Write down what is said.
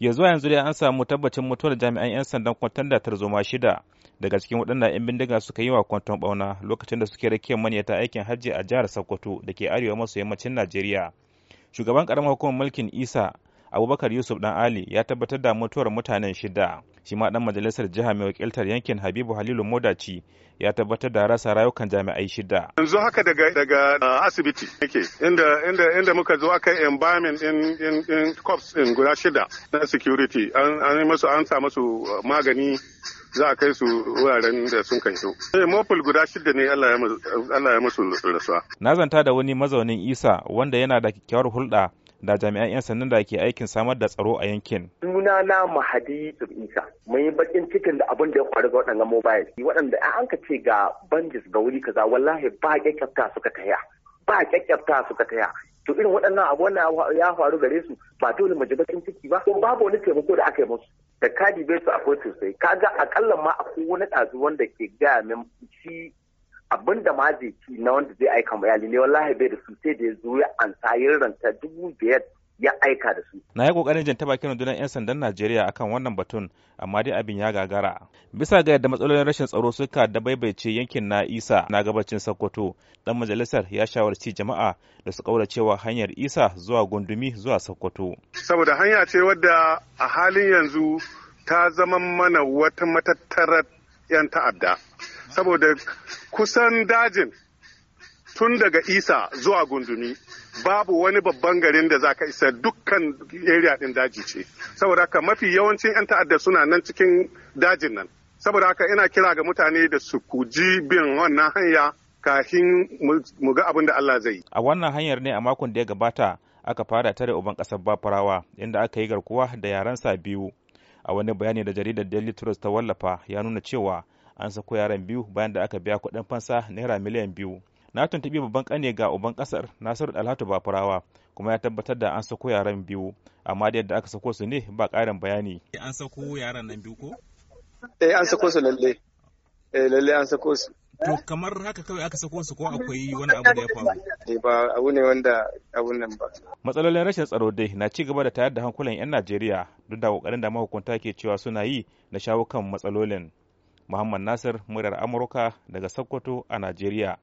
ya zuwa yanzu dai an samu tabbacin mutuwar jami'an 'yan sandan kwantar da tarzoma shida daga cikin waɗannan 'yan bindiga suka yi wa kwanton ɓauna lokacin da suke rakiyar manyata aikin hajji a jihar sokoto da ke arewa maso yammacin najeriya shugaban karamar hukumar mulkin isa abubakar yusuf dan ali ya tabbatar da mutuwar mutanen shida shi ma dan majalisar jiha mai wakiltar yankin habibu halilu modaci ya tabbatar da rasa rayukan jami'ai shida yanzu haka daga uh, asibiti yake inda muka zo aka embalming in in in cops in guda shida na security an an musu an sa musu uh, magani za a kai su wuraren da sun kanto. Ne eh, mopul guda shida ne Allah ya masu rasuwa. Na zanta da wani mazaunin Isa wanda yana da kyakkyawar hulɗa da jami'an 'yan sandan da ke aikin samar da tsaro a yankin. Suna na Mahadi Isa, mun yi bakin cikin da abin da ya faru ga waɗannan mobile. Waɗanda an ka ce ga bandis ga wuri kaza wallahi ba kyakkyafta suka taya. Ba kyakkyafta suka taya. To irin waɗannan abu wannan ya faru gare su ba dole mu ji bakin ciki ba. Ko babu wani taimako da aka yi musu. Da kadi bai su akwai sosai. Kaga akalla ma akwai wani ɗazu wanda ke gaya min shi abin da ma zai na wanda zai aika ma yali ne wallahi bai da su sai da ya zo ya ansa yin ranta dubu biyar ya aika da su. Na yi kokarin jan taba bakin dunan 'yan sandan Najeriya akan wannan batun amma dai abin ya gagara. Bisa ga yadda matsalolin rashin tsaro suka da baibaice yankin na Isa na gabacin Sokoto, dan majalisar ya shawarci jama'a da su cewa hanyar Isa zuwa Gundumi zuwa Sokoto. Saboda hanya ce wadda a halin yanzu ta zama mana wata matattarar 'yan ta'adda saboda kusan dajin tun daga isa zuwa gundumi babu wani babban garin da za ka isa dukkan area din daji ce saboda haka mafi yawancin 'yan ta'adda suna nan cikin dajin nan saboda haka ina kira ga mutane da su kuji bin wannan hanya kafin mu ga abin da Allah zai yi a wannan hanyar ne a makon da ya gabata aka fara tare uban kasar bafarawa inda aka yi garkuwa da yaransa biyu a wani bayani da jaridar daily trust ta wallafa ya nuna cewa an sako yaran biyu bayan da aka biya kuɗin fansa naira miliyan biyu na tuntubi babban kane ga uban kasar nasiru alhatu bafarawa kuma ya tabbatar da an sako yaran biyu amma da yadda aka sako su ne ba ƙarin bayani an sako yaran nan biyu ko eh an sako su lalle eh lalle an sako su to kamar haka kawai aka sako su ko akwai wani abu da ya faru ba abu ne wanda abun nan ba matsalolin rashin tsaro dai na ci gaba da tayar da hankulan yan Najeriya duk da kokarin da mahukunta ke cewa suna yi na shawo kan matsalolin Muhammad Nasir muryar Amurka daga Sokoto a Najeriya